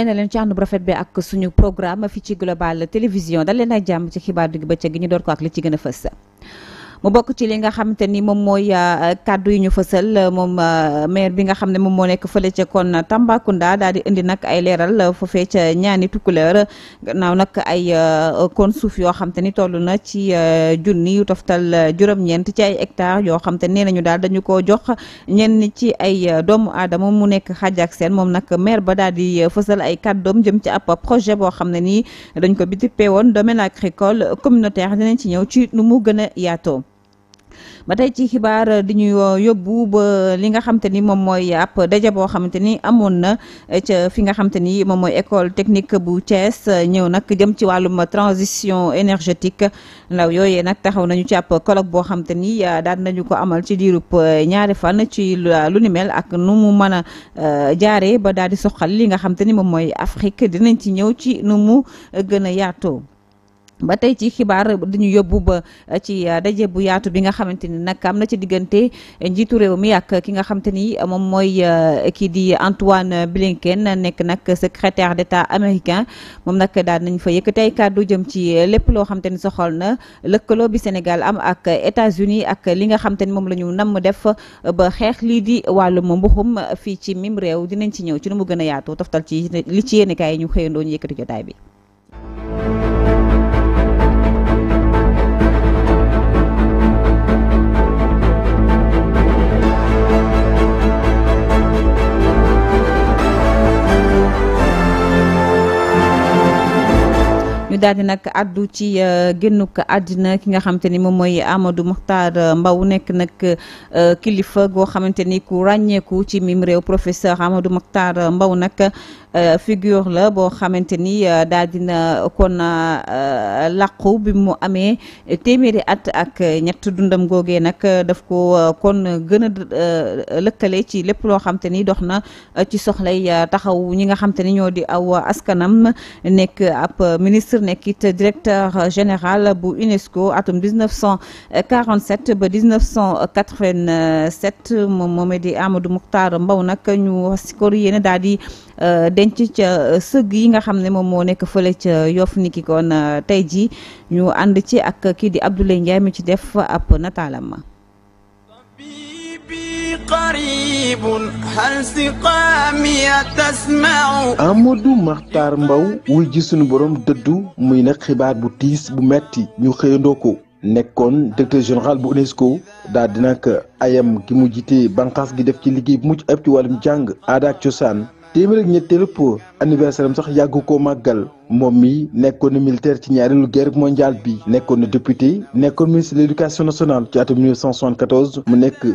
nee leen ci ànd bu rafet bi ak suñu programme fii ci Global Télévision dal leen ay jàmm ci xibaar digg bëccëg gi ñu door ko ak li ci gën a fës mu bokk ci li nga xamante ni moom mooy euh, kàddu yi ñu fësal euh, moom euh, maire bi nga xam ne moom moo nekk fële ca kon Tambacounda daal di indi nag ay leeral foofee ca ñaani tukkuleer gannaaw nag ay kon suuf yoo xam ni toll na ci junni yu toftal juróom-ñeent ci ay hectares yoo xam te nee nañu daal dañu ko jox ñenn ci ay doomu aadama mu nekk xaaj ak seen moom nag maire ba daal di fësal ay kàddoom jëm ci ab projet boo xam ne nii dañ ko biti peewoon domaine agricole communautaire dinañ ci ñëw ci nu mu gën a yaatoo ba tey ci xibaar di ñu yóbbu ba li nga xam ni moom mooy ab daje boo xamante ni amoon na ca fi nga xam ni moom mooy école technique bu Thiès ñëw nag jëm ci wàllum transition énergétique ndaw yooyee nag taxaw nañu ci àpp colloque boo xam te ni ah, daan nañu ko amal ci diirub eh, ñaari fan ci ah, lu ni mel ak nu mu mën a eh, jaaree ba daal di soxal li nga xam ni moom mooy Afrique dinañ ci ñëw ci nu mu eh, gën a yaatoo ba tey ci xibaar dañu yóbbu ba eh, ci eh, daje bu yaatu bi nga xamante ni nag am na ci diggante eh, njiitu réew mi ak ki nga xamante ni moom mooy kii di Antoine Blinken nekk nag secrétaire d'État américain moom nag daal nañ fa yëkkati ay kàddu jëm ci lépp loo xamante ni soxol na lëkkaloo bi Sénégal am ak États-Unis ak li nga xamante ni moom la ñu namm def ba xeex lii di wàllum mbuxum fii ci mim réew dinañ ci ñëw ci nu mu gën a yaatu toftal ci li ci yéenekaay yi ñu xëyandoo ñu yëkkati jotaay bi. ñu daal di nag addu ci euh, génnuk àddina ki nga xamante ni moom mooy Amadou Mokhtar euh, Mbow nekk nag euh, kilifa goo xamante ni ku ràññeeku ci mim réew professeur Amadou Mokhtar mbaw nag figure la boo xamante ni daal dina kon làqu bi mu amee téeméeri at ak ñett dundam googee nag daf ko kon gën a lëkkale ci lépp loo xamante ni dox na ci soxlay taxaw ñi nga xamte ni ñoo di aw askanam nekk ab ministre nekk it directeur général bu UNESCO atum 1947 ba 1987 moom moomee di Amadou Mokhtar Mbow nag ñu sikor yéen daal di euh, denc ca euh, sëgg yi nga xam ne moom moo nekk fële ca Yoff ni ki kon euh, tey jii ñu ànd ci ak kii di Abdoulaye Ndiaye mi ci def ab nataalam Amadou Mahtar Mbow wuy ji sunu borom dëddu muy nag xibaar bu tiis bu metti ñu xëyandoo ko nekkoon directeur général bu UNESCO daal di nag ayam gi mu jiite banqaas gi def ci liggéey bu mucc ab ci wàllum jàng aada cosaan téeméer ak ñetteelu pour anniversaire sax yàgg koo màggal moom mi nekkoon na militaire ci ñaareelu guerre mondiale bi nekkoon na député nekkoon ministre de l' éducation nationale ci atum 1974 mu nekk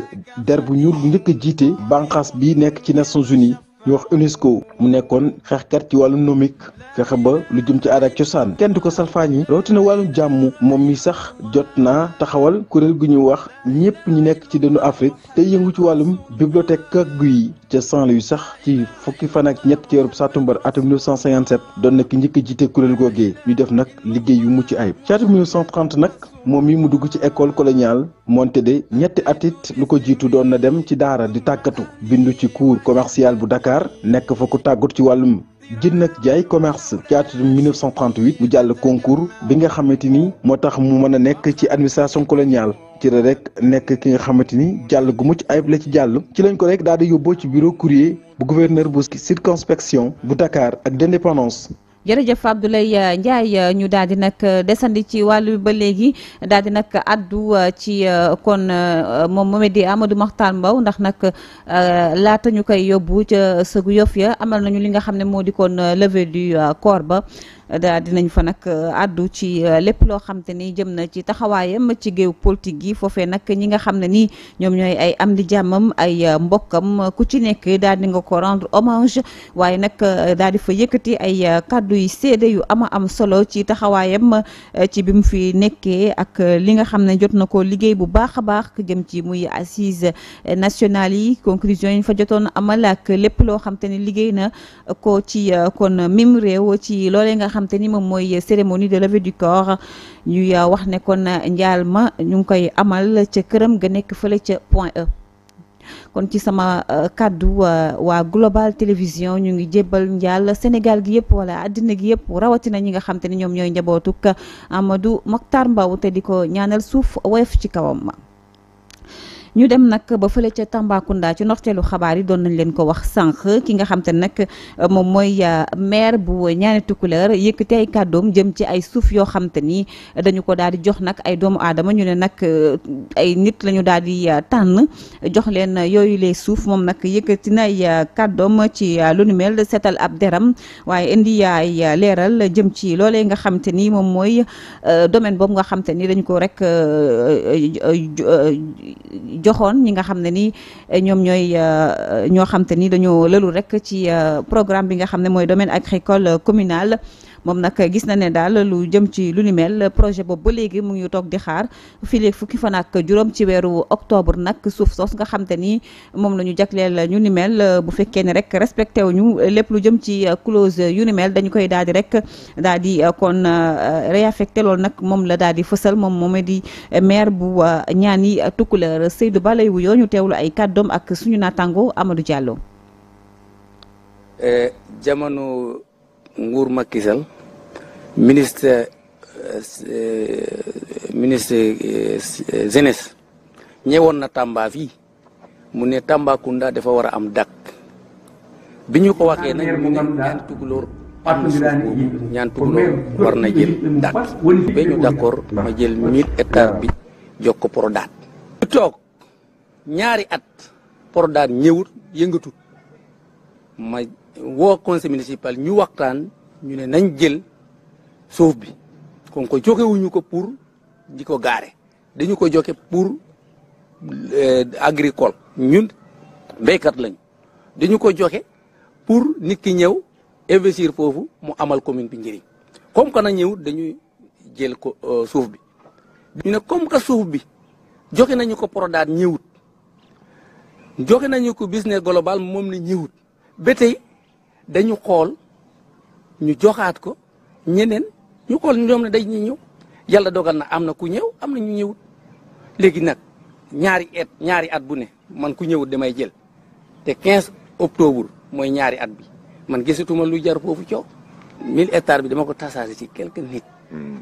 der bu ñuul bu njëkk jiite bànqaas bi nekk ci Nations Unies ñu wax UNESCO mu nekkoon xeexkat ci wàllum nomique fexe ba lu jëm ci aada ak cosaan kenn du ko salfaañi rawatina wàllum jàmm moom mi sax jot naa taxawal kuréel gu ñu wax ñëpp ñu nekk ci dëndu Afrique te yëngu ci wàllum bibliothèque kaggu yi ca saint yu sax ci fukki fan ak ñett ci weeru sàttumbar atum 1957 doon na ki njëkk a jiite kuréel googee ñu def nag liggéey yu mucc ayib ci atum 1930 nag moom mi mu dugg ci école coloniale moonte de ñetti atit lu ko jiitu doon na dem ci daara di tàggatu bindu ci cours commercial bu Dakar nekk fa ku tàggatu ci wàllum jënd ak jaay commerce ci atum 1938 mu jàll concours bi nga xamante ni moo tax mu mën a nekk ci administration coloniale ci la rek nekk ki nga xamante ni jàll gu mucc ayib la ci jàll ci lañ ko rek daal di yóbboo ci bureau courrier bu gouverneur bu circonspection bu Dakar ak d'indépendance jërëjëf Abdoulaye Ndiaye ñu daal di nag desandi ci wàllu ba léegi daal di nag addu ci kon moom moome di Amadou Mahtar mbaw ndax nag laata ñu koy yóbbu ca sëgu yof ya amal nañu li nga xam ne moo di kon levée du corps ba daa dinañ fa nag euh, àddu ci euh, lépp loo xam ni jëm na ci taxawaayam ci géew politique gi foofee nag ñi nga xam ne nii ñoom ñooy ay am di jàmmam ay euh, mbokkam ku ci nekk daal di nga ko rendre hommage waaye nag daal di fa yëkkati ay kàddu yi seede yu ama am solo ci taxawaayam ci bi mu fi nekkee ak li nga xam ne jot na ko liggéey bu baax a baax jëm ci muy assise nationale yi conclusion yi fa jotoon amal ak lépp loo xam te ni liggéey na ko ci kon mim réew ci loolee xam ni moom mooy cérémonie de levée du corps ñuy euh, wax ne kon euh, njaal ma ñu ngi koy amal ca këram ga nekk fële ca point E. kon ci sama euh, kàddu waa global télévision ñu ngi jébbal njaal Sénégal gi yëpp wala àddina gi yëpp rawatina ñi nga xam te ne ñoom ñooy njabootuk Amadou Mokhtar Mbow te di ko ñaanal suuf woyof ci kawam. ma ñu dem nag ba fële ca Tambacounda ci ndorteelu xabaar yi doon nañ leen ko wax sànq ki nga xam te nag euh, moom mooy euh, maire bu ñaane tukuleur yëkk tey kàddoom jëm ci ay suuf yoo xam ni euh, dañu ko daal di jox nag ay doomu aadama ñu ne nag ay nit lañu ñu daal di tànn jox leen yooyu les suuf moom nag yëkkati na ay kàddoom ci lu nu mel seetal ab deram waaye indi ay leeral jëm ci loolee nga xam ni moom mooy domaine boobu nga xam te ni dañu ko rek joxoon ñi nga xam ne nii eh, ñoom ñooy eh, ñoo xam te ni dañoo lëlu rek ci eh, programme bi nga xam ne mooy domaine agricole communal moom nag gis na ne daal lu jëm ci lu ni projet boobu ba léegi mu ngi toog di xaar fii fukki fan ak juróom ci weeru octobre nag suuf soos nga xam ni moom la ñu jagleel ñu ni bu fekkee ne rek respecté wu ñu lépp lu jëm ci clause yu ni dañu koy daal di rek daal di kon euh, réaffecté loolu nag moom la daal di fësal moom moom di maire bu ñaan euh, ñaani Tukulër Seydou Ba lay wuyoo ñu teewlu ay kàddoom ak suñu naataango amadu Diallo. Eh, jamono nguur Macky Sall ministre euh, ministre euh, jeunesse na Tamba fii mu ne Tambacounda dafa war a am dak bi ñu ko waxee nag mu ne ñaan tukulóor am na suuf ñaan tukulóor war na jël dak ba ñu d'accord ma jël mille hectares bi jox ko Prodac ñu toog ñaari at Prodac ñëwut yëngatut ma woo conseil municipal ñu waxtaan ñu ne nañ jël suuf bi kon ko joxewuñu ko pour di ko gaare dañu ko joxe pour euh, agricole ñun béykat lañu dañu ko joxe pour nit ki ñëw investir foofu mu amal commune bi njëriñ comme que na ñëw dañuy jël ko euh, suuf bi ñu ne comme que suuf bi joxe nañu ko Prodac ñëwut joxe nañu ko business global moom la ñëwut ba dañu xool ñu joxaat ko ñeneen ñu xool ñoom ne day ñu ñëw yàlla dogal na am na ku ñëw am na ñu ñëwut léegi nag ñaari at ñaari at bu ne man ku ñëwut damay jël te 15 octobre mooy ñaari at bi man gisatuma lu jar foofu coow 1000 hectares bi dama ko tasaase ci quelques nit. Hmm.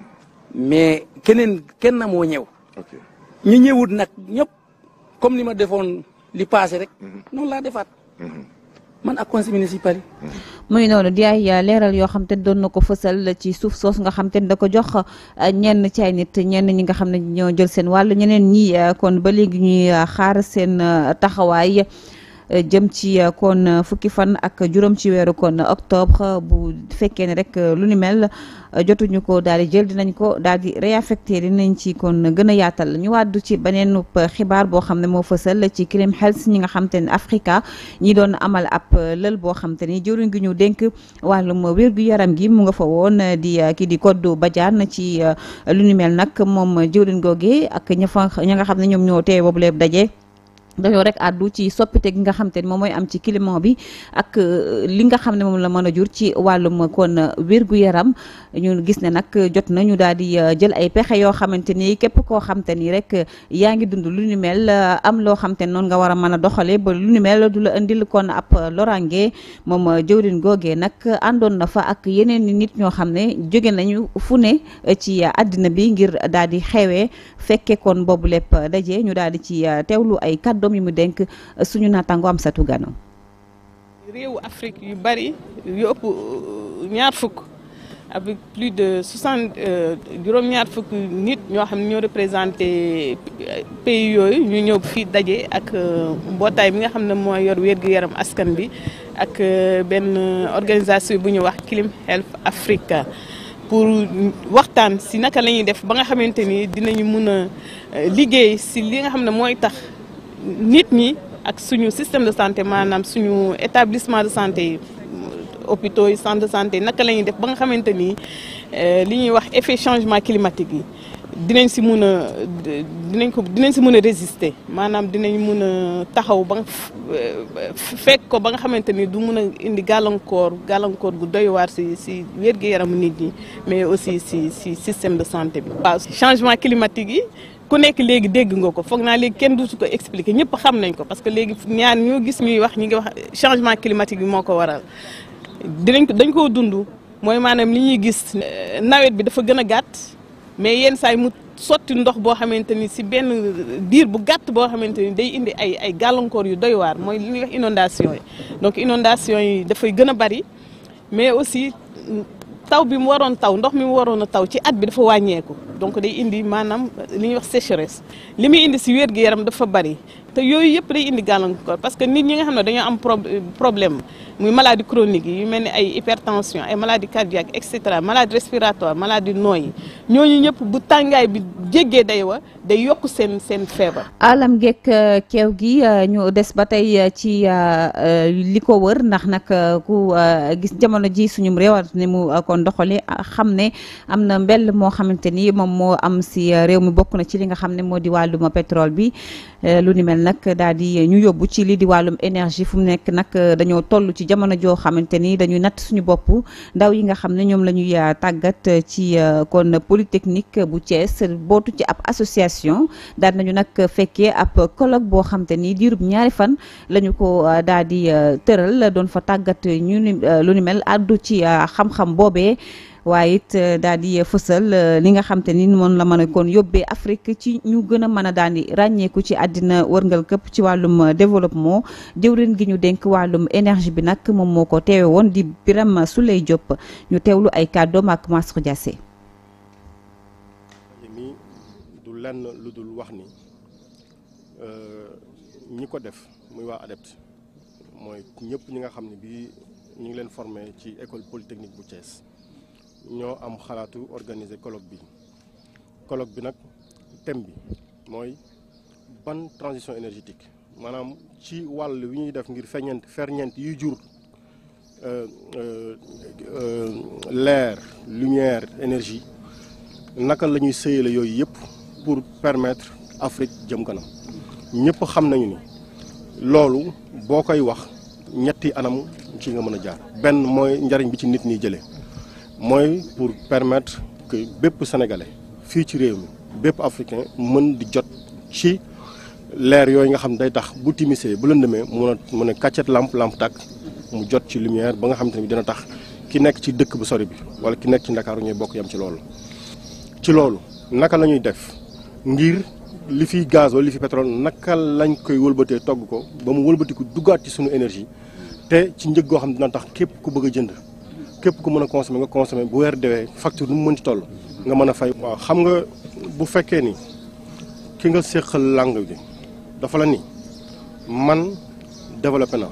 mais keneen kenn moo ñëw. ñu ñëwut nag ñëpp comme ni ma defoon li paase rek. Hmm. noonu laa defaat. Hmm. man ak conseil municipal yi. muy noonu di ay leeral yoo xam te doon na ko fësal ci suuf soos nga xam te da ko jox eh, ñenn ci ay nit ñenn ñi nga xam ne ñoo jël seen wàll ñeneen ñi eh, kon ba léegi ñuy eh, xaar seen taxawaay. jëm ci euh, kon euh, fukki fan ak juróom ci weeru kon octobre bu fekkee ne rek euh, lu ni mel jotuñu ko daal di jël dinañ ko daal di réaffecté dinañ ci kon gën a yaatal ñu wàddu ci beneen xibaar boo xam ne moo fësal ci Crim Health ñi nga xam te ne Africa ñi doon amal ab lël boo xam te ni jëruñ gi ñu dénk wàllum wér-gu-yaram gi mu nga fa woon di kii di Codou Badiane ci lu ni mel nag moom jëwriñ googee ak ña fa ña nga xam ne ñoom ñoo teewe boobu lépp daje dañoo rek àddu ci soppite gi nga xam te ni moom mooy am ci climat bi ak euh, li nga xam ne moom la mën a jur ci wàllum kon wér-gu-yaram ñu gis ne nag jot na ñu daal di euh, jël ay pexe yoo xamante ni képp koo xam te ni rek yaa ngi dund lu ni mel euh, am loo xam te ni noonu nga war a mën a doxalee ba lu ni mel du la indil kon ab lorange moom jëwrin googee nag àndoon na fa ak yeneen nit ñoo xam ne jóge nañu fu ne ci àddina bi ngir daal di xewee fekke kon boobu lépp daje ñu daal di ci teewlu ay kàddu doom mu denk euh, suñu naataango am satu gano réewu Afrique yu bari yu ëpp euh, ñaar fukk euh, fukk nit ñoo xam ne ñoo représenté pays yooyu ñu ñëw fii daje ak mbootaay bi nga xam ne mooy yor wér-gu-yaram askan bi ak benn organisation bu ñu wax Clim Health Africa pour waxtaan si naka lañuy ñuy def ba nga xamante ni dinañu mun a liggéey si li nga xam ne mooy tax. nit ñi ak suñu système de santé maanaam suñu établissement de santé yi yi centre de santé naka lañuy def ba nga xamante ni euh, li ñuy wax effet changement climatique yi dinañ si mun a dinañ ko dinañ si mun a résister maanaam dinañ mun a taxaw ba euh, fekk ko ba nga xamante ni du mun a indi gàllankoor gàllankoor gu doy waar si si wér-gu-yaramu nit ñi mais aussi si si système de santé bi. waaw changement yi. ku nekk léegi dégg nga ko foog naa léegi kenn dusu ko expliquer ñëpp xam nañ ko parce que léegi ñaan ñoo gis ñuy wax ñi ngi wax changement climatique bi moo ko waral dinañ ko dañ koo dund mooy maanaam li ñuy gis euh, nawet bi dafa gën a gàtt mais yenn saay mu sotti ndox boo xamante ni si benn diir bu gàtt boo xamante ni day indi ay ay gàllankoor yu doy waar mooy li ñuy wax inondation yi donc inondation yi dafay gën a bari mais aussi taw bi mu waroon taw ndox mi mu waroon a taw ci at bi dafa wàññeeku donc day indi maanaam li ñuy wax sécheresse li muy indi si wér-gu-yaram dafa bari te yooyu yëpp day indi gàllankoor parce que nit ñi nga xam ne dañoo am problème muy maladie chronique yi yu mel ni ay hypertension ay maladie cardiaque et cetera maladie respiratoire maladie nooy ñooñu ñëpp bu tàngaay bi jéggee day wa day yokk seen seen feebar. alam geeg euh, keew gi euh, ñoo des ba tey euh, ci li ko wër ndax nag ku gis jamono ji suñum réew ni mu kon doxalee ah, xam ne am na mbell moo xamante nii moom moo am si réew mi bokk na ci li nga xam ne moo di wàllum pétrole bi lu nag daal di ñu yóbbu ci lii di wàllum énergie fu mu nekk nag euh, dañoo toll ci jamono joo xamante ni dañuy natt suñu bopp ndaw yi nga xam ne ñoom la ñuy euh, tàggat euh, ci kon polytechnique bu Thiès bootu ci ab association daal nañu nag fekkee ab colloque boo xam te ni diirub ñaari fan lañu ko daal di tëral doon fa tàggat ñu lu ni mel àddu ci xam-xam boobee waaye it euh, daal di fësal euh, li nga xam ni moom la mën a kon yóbbee Afrique ci ñu gën a mën a daan di ràññeeku ci àddina wërngal këpp ci wàllum euh, développement jëwrin gi ñu dénk wàllum énergie bi nag moom moo ko teewe woon di Birame Souleye Diop ñu teewlu ay kàddoom ak Masro Diassé mi du lenn lu dul wax ni ñi ko def muy waa adepte mooy ñëpp ñi nga xam ne bii ñu ngi leen formé ci école polytechnique bu Thiès ñoo am xalaatu organiser colloque bi colloque bi nag thème bi mooy ban transition énergétique manam ci walu wi ñuy def ngir ferñeent ferñeent yu jur euh euh l'air lumière énergie naka lañuy ñuy sëyale yooyu yëpp pour permettre Afrique jëm kanam ñëpp xam nañu ni lolu bokay wax ñetti anam ci nga mëna jaar ben moy njariñ bi ci nit ñi jëlee moy pour permettre que bépp sénégalais fii ci réew mi bépp africain mën di jot ci leer yooyu nga xam ne day tax bu timisee bu lëndëmee mun a mun a kàccet lamp lamp tàkk mu jot ci lumière ba nga xam te ne dina tax ki nekk ci dëkk bu sori bi wala ki nekk ci ndakaaru ñuy bokk yam ci loolu. ci loolu naka la ñuy def ngir li fi gaz wala li fi pétrole naka lañ koy wëlbatee togg ko ba mu wëlbatiku duggaat ci sunu énergie te ci njëg goo xam dina tax képp ku bëgg a jënd. képp ku mën a consommer nga consommer bu weer dewee facture nu mu mën ci toll nga mën a fay. waaw xam nga bu fekkee ni ki nga séqal langue bi dafa la ni man développé naa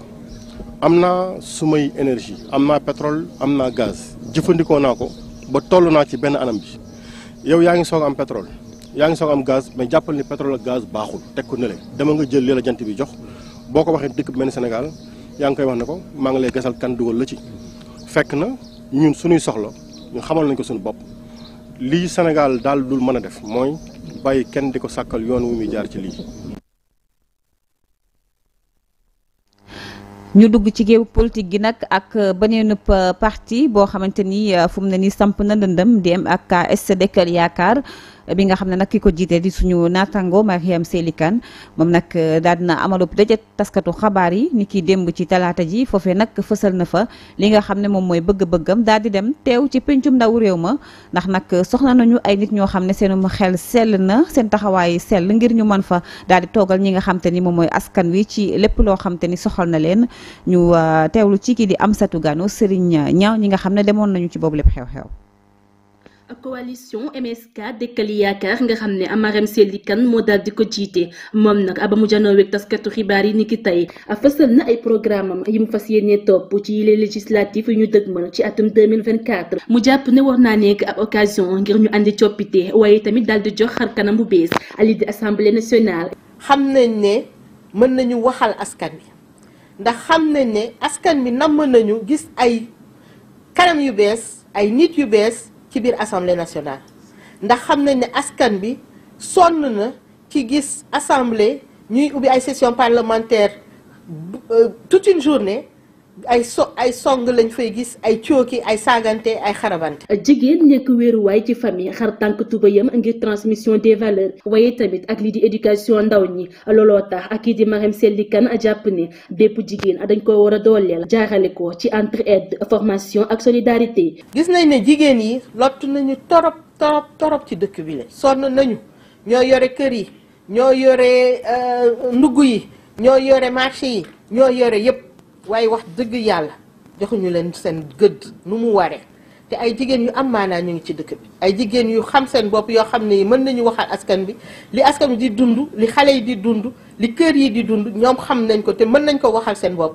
am naa sumay énergie am naa pétrole am naa gaz jëfandikoo naa ko ba toll naa ci benn anam bi yow yaa ngi am pétrole yaa ngi am gaz mais jàppal ni pétrole ak gaz baaxul teg ko nële dama nga jël li la jant bi jox boo ko waxee dëkk bu mel ni Sénégal yaa koy wax ne ko ngi lay gasal kan dugal la ci fekk na ñun suñuy soxla ñu xamal nañ ko suñu bopp lii Sénégal daal dul mën a def mooy bàyyi kenn di ko sàkkal yoon wu muy jaar ci lii. ñu dugg ci géew politique gi nag ak beneen parti boo xamante ni fum na ni nii samp na ndëndëm di am ak SDK yaakaar. bi nga xam ne nag ki ko jiite di suñu naataango Mariam Selikan moom nag euh, daal dina amalub daje taskatu xabaar yi ni ki démb ci talaata ji foofee nag fësal na fa li nga xam ne moom mooy bëgg-bëggam daal di dem teew ci pencum ndaw réew ma ndax nag soxla nañu ay nit ñoo xam ne seenum xel sell na seen taxawaay sell ngir ñu mën fa daal di toogal ñi nga xam ni moom mooy askan wi ci lépp loo xam te ni soxal na leen ñu euh, teewlu ci kii di Amsatou Gano Serigne Niang ñi nga xam ne demoon nañu ci boobu lépp xew-xew coalition MSK dëkkal yaakaar nga xam ne Amarem Sely kan moo daal di ko jiite moom nag ba mu janoo wek taskatu xibaar yi ni ki tey fësal na ay programme am yi mu fas yéene topp ci les législatives yu ñu dëgmal ci atum mu jàpp ne war naa nekk ab occasion ngir ñu andi coppite waaye tamit daal di jox xar kanam bu bees ali di assemblée nationale xam nañ ne mën nañu waxal askan bi ndax xam nañ ne askan bi namm nañu gis ay kanam yu bees ay nit yu bees qui biir assemblée nationale ndax xam que ne askan bi qui ci assemblée ñuy ay session parlementaire euh, toute une journée ay so ay song lañ fay gis ay cooki ay saagante ay xarabante. jigéen nekk waay ci famille xar tànk tubayam ngir transmission des valeurs waaye tamit ak lii di éducation ndaw ñi looloo tax ak kii di Marème Selli Kane jàpp ne bépp jigéen dañ ko war a dooleel jaarale ko ci entraide formation ak solidarité. gis nañ ne jigéen yi lottu nañu torop torop torop ci dëkk bi la sonn nañu ñoo yore kër yi ñoo yore euh, ndugg yi ñoo yore marché yi ñoo yore yëpp. waaye wax dëgg yàlla joxuñu leen seen gëdd nu mu waree te ay jigéen yu am maanaa ñu ngi ci dëkk bi ay jigéen yu xam seen bopp yoo xam ne mën nañu waxal askan bi li askan bi di dund li xale yi di dund li kër yi di dund ñoom xam nañ ko te mën nañ ko waxal seen bopp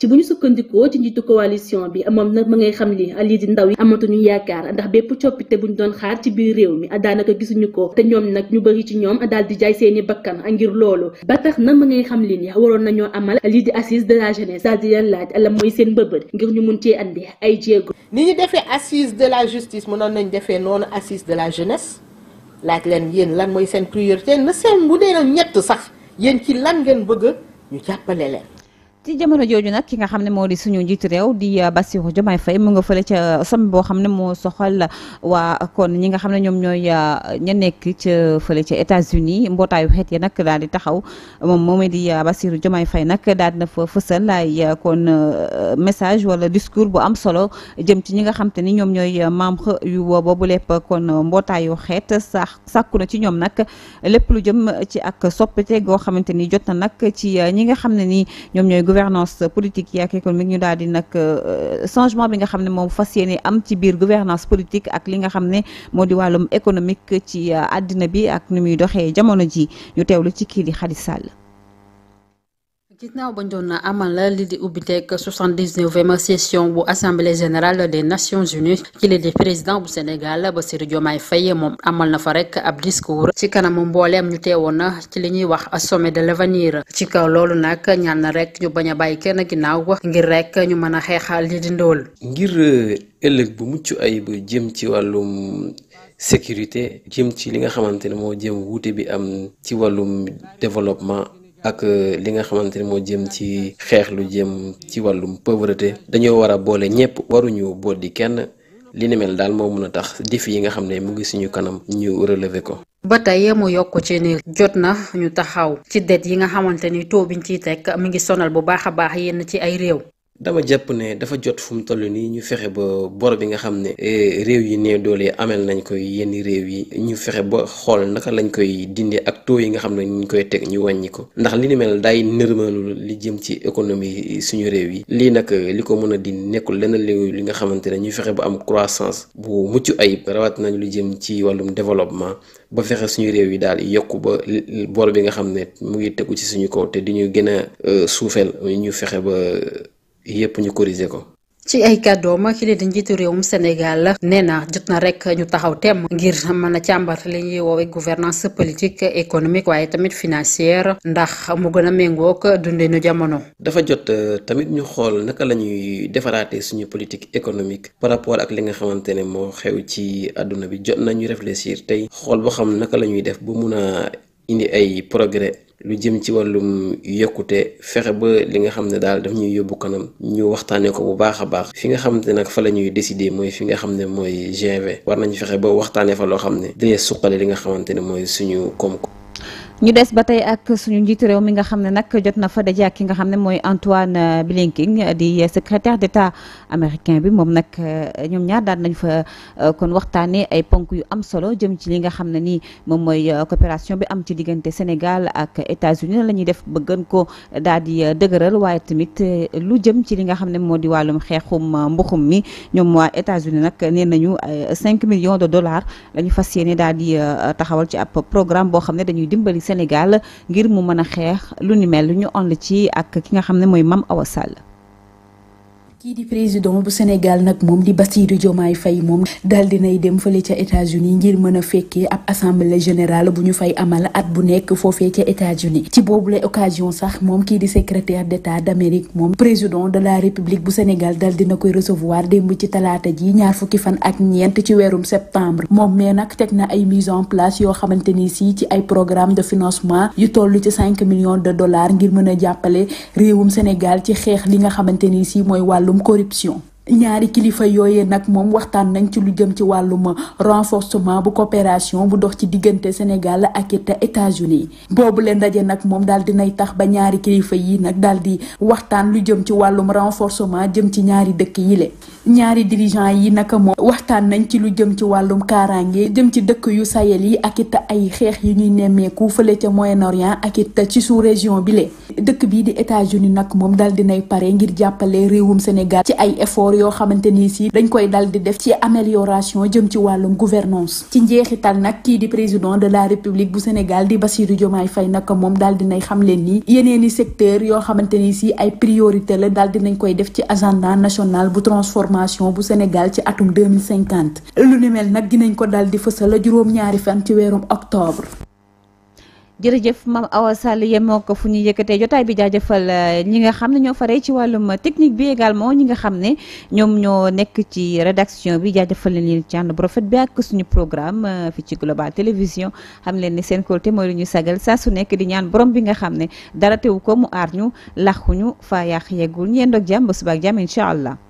ci bu ñu sukkandikoo ci njiitu coalition bi moom na ma ngay xam li lii di ndaw yi amatuñu yaakaar ndax bépp coppite buñ doon xaar ci biir réew mi daanaka gisuñu ko te ñoom nag ñu bëri ci ñoom daal di jaay seeni bakkan ngir loolu ba tax na ma ngay xam li ni waroon nañoo amal lii di assise de la jeunesse daal di leen laaj la mooy seen mbëbët ngir ñu mun cee andi ay jéego. ni ñu defee assise de la justice mënoon nañ defee noonu assise de la jeunesse laaj leen yéen lan mooy seen priorité na seen bu dee ñett sax yéen ci lan ngeen bëgg ñu jàppale leen. ci jamono jooju nag ki nga xam ne moo di suñu njiitu réew di euh, Bassirou Diomaye Faye mu nga fële ca euh, sommet boo xam ne moo soxal euh, waa kon ñi nga xam ne ñoom ñooy ña nekk ca fële ca États-Unis mbootaayu xeet ya nag daal di taxaw moom moomee di Bassirou Diomaye Faye nag daal dina fa fësal ay kon message wala discours bu am solo jëm ci ñi nga xam ni ñoom ñooy membre yu boobu lépp kon mbootaayu xeet sax sàkku ci ñoom nag lépp lu jëm ci ak soppite goo xamante ni jot na nag ci ñi nga xam ne ni ñoom ñooy gouvernance politique yi ak économique ñu daal di nag euh, changement bi nga xam ne moom fas yéene am ci biir gouvernance politique ak li nga xam ne moo di wàllum économique ci euh, àddina bi ak ni muy doxee jamono ji ñu teewlu ci kii di Khady Sall ginnaaw ba doon amal li di ubbiteeg 79e session bu assemblée générale des nations unies kile di président bu Sénégal Bassirou Diomaye Faye mom amal na fa rek ab discours ci kanam mbooleem ñu teewoon na ci li ñuy wax sommet de l'avenir ci kaw lolu nak ñaan na rek ñu baña bay bàyyi kenn ginnaaw ngir rek ñu mëna xéxal xeexal li di ndóol. ngir euh, ëllëg bu muccu ayib jëm ci walum sécurité jëm ci li nga xamantene mo jëm wuté bi am ci walum développement ak euh, li nga xamante ni moo jëm ci xeexlu lu jëm ci wàllum pauvreté dañoo war a boole ñëpp waruñu bool di kenn li ni mel daal moo mun a tax défi yi nga xam ne mu ngi suñu kanam ñu relever ko. ba tey mu yokk ci ni jot na ñu taxaw ci det yi nga xamante ni taux biñ ciy teg mi ngi sonal bu baax a baax yenn ci ay réew. dama jàpp ne dafa jot fu mu toll nii ñu fexe ba bor bi nga xam ne eh, réew yi ne doole amel nañ koy yenn réew yi ñu fexe ba xool naka lañ koy dindi ak taux yi nga xam ne ñu koy teg ñu wàññi ndax li ni mel day nërmalul li jëm ci économie suñu réew yi lii nag li ko mën a dindi nekkul lenn réew li nga xamante ne ñu fexe ba am croissance bu mucc ayib rawat nañ lu jëm ci wàllum développement ba fexe suñu réew yi daal yokku ba bor bi nga xam ne mu ngi tegu ci suñu kaw te di ñu gën a euh, suufeel ñu fexe ba yépp ñu corriger ko. ci ay kàddoom ki leen di njiitu réewum Sénégal nee na jot na rek ñu taxaw temm ngir mën a càmbar li ñuy woowee gouvernance politique économique waaye tamit financière ndax mu gën a méngoog dundinu jamono. dafa jot euh, tamit ñu xool naka la ñuy defaraatee suñu politique économique par rapport ak li nga xamante ne moo xew ci àdduna bi jot na nañu réfléchir tey xool boo xam naka la ñuy def ba mun a indi ay progrès. lu jëm ci wàllum yokkute fexe ba li nga xam ne daal daf ñuy yóbbu kanam ñu waxtaanee ko bu baax a baax fi nga xamante ne nag fa la ñuy décider mooy fi nga xam ne mooy g war nañ fexe ba waxtaanee fa loo xam ne dina suqale li nga xamante ne mooy suñu koom-koom ñu des ba tey ak suñu njiitu réew mi nga xam ne nag jot na fa daje ak ki nga xam ne mooy Antoine Blinken di secrétaire d'État américain bi moom nag euh, ñoom ñaar daal nañu fa euh, kon waxtaanee ay ponk yu am solo jëm ci li nga xam ne nii moom mooy euh, coopération bi am ci diggante Sénégal ak États-Unis la ñuy def ba gën ko daal di dëgëral waaye tamit lu jëm ci li nga xam ne moo di wàllum xeexum mbuxum mi ñoom waa États-Unis nag nee nañu 5 millions de dollars la ñu fas yéene daal di taxawal ci ab programme boo xam ne dañuy dimbali Sénégal ngir mu mën a xeex lu ni mel ñu ànd ci ak ki nga xam ne mooy mam Awa ki di président bu Sénégal nak mom di Bassirou Diomaye fay mom dal dinaay dem fële ci États-Unis ngir mëna a ab assemblée générale bu ñu fay amal at bu nekk fofé ci États-Unis ci boobule occasion sax mom ki di secrétaire d'État d'Amérique mom. président de la République bu Sénégal dal dina koy recevoir démb ci talata ji ñaar fukki fan ak ñent ci weerum septembre mom mais nak teg na ay mise en place yo xamante si ci ay programme de financement yu tollu ci cinq millions de dollars ngir mëna jappalé réewum Sénégal ci xéx li nga xamante si moy wàllu corruption ñaari kilifa yooyee nag moom waxtaan nañ ci lu jëm ci wàllum renforcement bu coopération bu dox ci diggante Sénégal ak it États-Unis boobu leen nag moom daal dinay tax ba ñaari kilifa yi nag daal di waxtaan lu jëm ci wàllum renforcement jëm ci ñaari dëkk yi ñaari dirigeant yi nag moom waxtaan nañ ci lu jëm ci wàllum kaaraange jëm ci dëkk yu Sahel yi ak it ay xeex yu ñuy nemmeeku fële ca Moyen-Orient ak it ci sous région bi le dëkk bii di États-Unis nag moom daal dinay pare ngir jàppale réewum Sénégal ci ay effort yo xamanteni si dañ koy daldi def ci amélioration jëm ci walum gouvernance ci njeexital nak ki di président de la république bu Sénégal di Bassirou Diomaye Faye nak mom daldi nay xam len ni yeneeni secteur yo xamanteni si ay priorité la daldi dinañ koy def ci agenda national bu transformation bu Sénégal ci atum 2050 lu ni mel nag dinañ ko daldi feussal juroom ñaari fan ci weerum octobre jërëjëf ma Awa Sall yemoo ko fu ñuy yëkkatee jotaay bi jaajëfal euh, ñi nga xam ne ñoo faree ci wàllum technique bi également ñi nga xam ne ñoom ñoo nekk ci rédaction bi jaajëfal leen leen ci ànd bu rafet bi ak suñu programme euh, fi ci Global Télévision xam leen ni seen colté mooy lu ñu sagal saa su nekk di ñaan borom bi nga xam ne dara teewu ko mu aar ñu laxuñu fa yàq yeggul ñeen doog jàmm ba subaak jàmm incha allah